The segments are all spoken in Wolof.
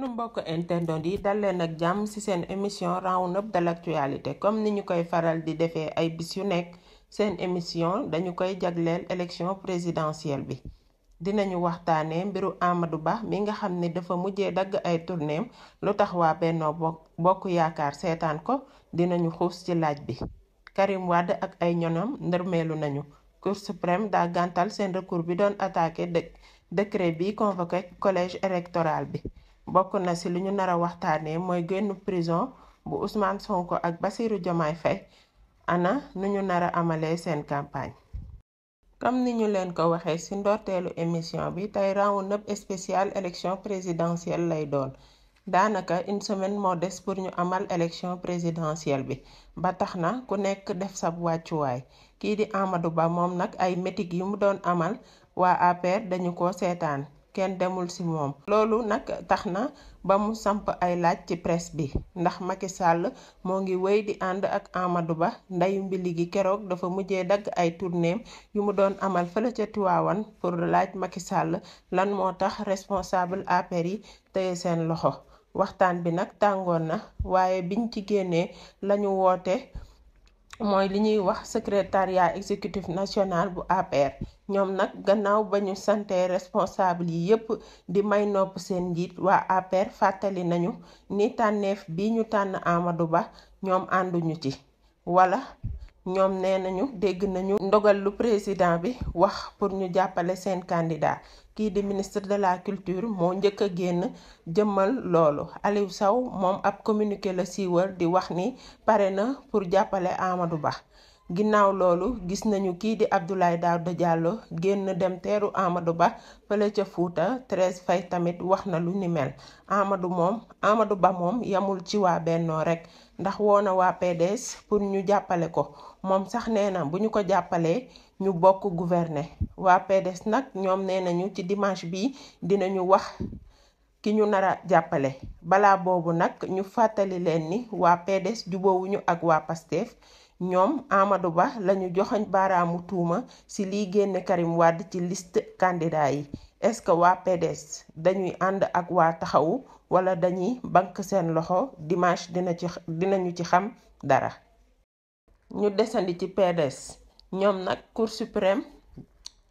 sunu mbokk internet yi dal leen ak jàmm ci seen émission round-up de l'actualité comme ni ñu koy faral di defee ay bis yu nekk seen émission dañu koy jagleel élection présidentielle bi dinañu waxtaanee mbiru Amadou Ba mi nga xam ne dafa mujjee dagg ay tournéem lu tax waa Bennoo Bokk Yaakaar seetaan ko dinañu xuus ci laaj bi Karim wadd ak ay ñoñam ndërmeelu nañu Cour suprême daa gàntal seen recours bi doon attaqué dëkk bi convoqué collège bi bokk na ci lu ñu nar a waxtaanee mooy génn prison bu Ousmane ko ak Bassirou Diomaye Faye ana nu ñu nar a amalee seen campagne. comme ni ñu leen ko waxee ci ndorteelu émission bi tey round up spécial élection présidentielle lay doon daanaka une semaine moo des pour ñu amal élection présidentielle bi ba tax na ku nekk def sab wàccuwaay kii di Amadou Ba moom nag ay meeting yu mu doon amal waa APR dañu ko seetaan. kenn demul si moom loolu nag tax na ba mu samp ay laaj ci presse bi ndax Macky Sall moo ngi wéy di ànd ak Amadou Ba ndayum bi liggi keroog dafa mujjee dagg ay tournée yu mu doon amal fële ca tuwaawan pour laaj Macky Sall lan moo tax responsable affaire yi tëye seen loxo waxtaan bi nag tàngoon na waaye biñ ci génnee lañu woote mooy li ñuy wax secrétariat exécutif national bu APR ñoom nag gannaaw ba ñu sante responsable yi yépp di may nopp seen njiit waa APR fàttali nañu ni tànneef bi ñu tànn Amadou Ba ñoom ànduñu ci wala ñoom nee nañu dégg nañu ndogal lu président bi wax pour ñu jàppale seen candidat kii di ministre de la culture moo njëkk a génn jëmmal loolu Aliou saw moom ab communiqué la siiwal di wax ni pare na pour jàppale Amadou Ba ginnaaw loolu gis nañu kii di Abdoulaye Daouda jàlloo génn dem teeru Amadou Ba fële ca Fuuta Thérèse Faye tamit wax na lu ni mel Amadou moom Amadou Ba moom yamul ci waa Bennoo rekk ndax woo na waa PDS pour ñu jàppale ko moom sax nee na bu ñu ko jàppalee ñu bokk gouverner waa PDS nag ñoom nee nañu ci dimanche bi dinañu wax ki ñu nar a jàppale balaa boobu nag ñu fàttali leen ni waa PDS jubóowuñu ak waa PASTEF ñoom Amadou Ba lañu joxoñ baaraamu tuuma ci liy génn Karim Wade ci list candidat yi est-ce que waa PDS dañuy ànd ak waa taxawu wala dañuy bank seen loxo dimanche dina ci ci xam dara. ñu desandi ci PDS ñoom nag Cour suprême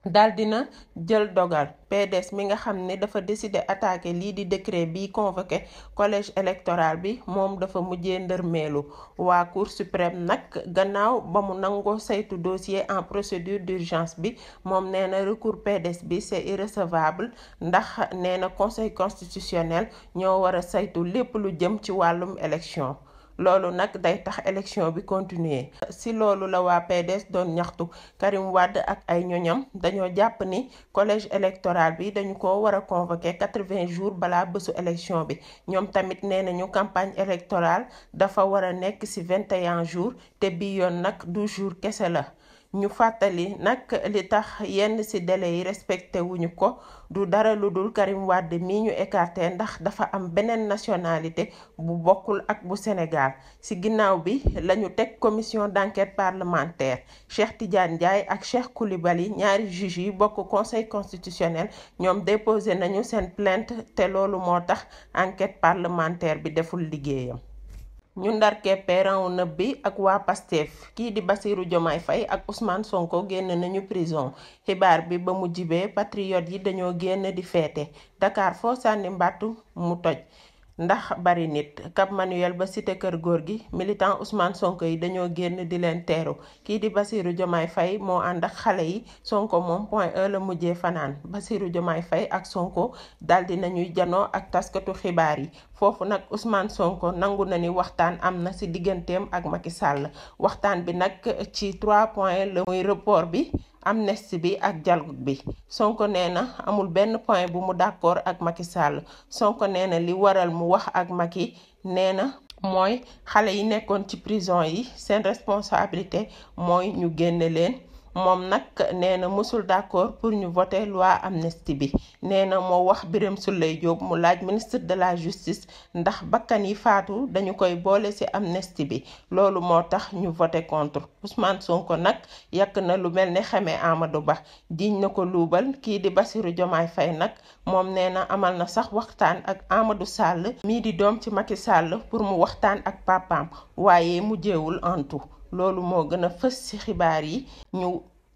daal dina jël dogal PDS mi nga xam ne dafa décider attaquer lii di décret bi convoqué collège électoral bi moom dafa mujjee ndërmeelu waa cour suprême nag gannaaw ba mu nangoo saytu dossier en procédure d'urgence bi moom nee na recours PDS bi c'est irrecevable ndax nee na conseil constitutionnel ñoo war a saytu lépp lu jëm ci wàllum élection loolu nag day tax élection bi continuer si loolu la waa PDS doon ñaxtu Karim Wade ak ay ñoñam dañoo jàpp ni collège électoral bi dañu ko war a convoquer 80 jours balaa bésu élection bi ñoom tamit nee nañu campagne électorale dafa war a nekk si 21 jours te bi yoon nag douze jours kese ñu fàttali nag li tax yenn ci délai yi respecté wuñu ko du dara lu Karim Wade mii ñu écarté ndax dafa am beneen nationalité bu bokkul ak bu Sénégal ci ginnaaw bi lañu commission d'enquête parlementaire Cheikh Tidiane Ndiaye ak Cheikh Koulibaly ñaari juge yi conseil constitutionnel ñoom déposé nañu sen plainte te loolu moo enquête parlementaire bi deful ñu ndar keppe raw nëb bi ak waa Pastef kii di Bassirou Diomaye fay ak Ousmane Sonko génn nañu prison xibaar bi ba mu jibee patriote yi dañoo génn di féete ndakaar foo sànni mbàttu mu toj ndax bari nit Cap Manuel ba cité kër góor gi militant Ousmane Sonko yi dañoo génn di leen teeru kii di Bassirou Diomaye fay moo ànd ak xale yi Sonko moom point E la mujjee fanaan Bassirou Diomaye fay ak Sonko daal nañuy janoo ak taskatu xibaar yi foofu nag Ousmane Sonko nangu na ni waxtaan am na ci digganteem ak Macky Sall waxtaan bi nag ci trois points la muy bi. amnesi be ak djal gout be. Son konnen a, amoul ben nou poen bou mou dakor ak maki sal. Son konnen a, li waral mou wak ak maki, nen a, mwen, chale yi nekon ti prizon yi, sen responsabilite mwen yu gen ne len. moom nag nee na mësul d'accord pour ñu voter loi amnistie bi nee na moo wax biram Souleye Diop mu laaj ministre de la justice ndax bakkan yi faatu dañu koy boole ci amnistie bi loolu moo tax ñu voter contre son ko nag yàq na lu mel ni xamee Amadou Ba jiiñ na ko luubal kii di Bassirou Diomaye fay nag moom nee na amal na sax waxtaan ak Amadou Sall mii di doom ci Macky sàll pour mu waxtaan ak papaam waaye mu jéewul loolu moo gën a fës ci xibaar yi ñu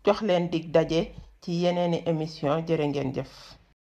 jox leen dig daje ci yeneeni émission jërë ngeen jëf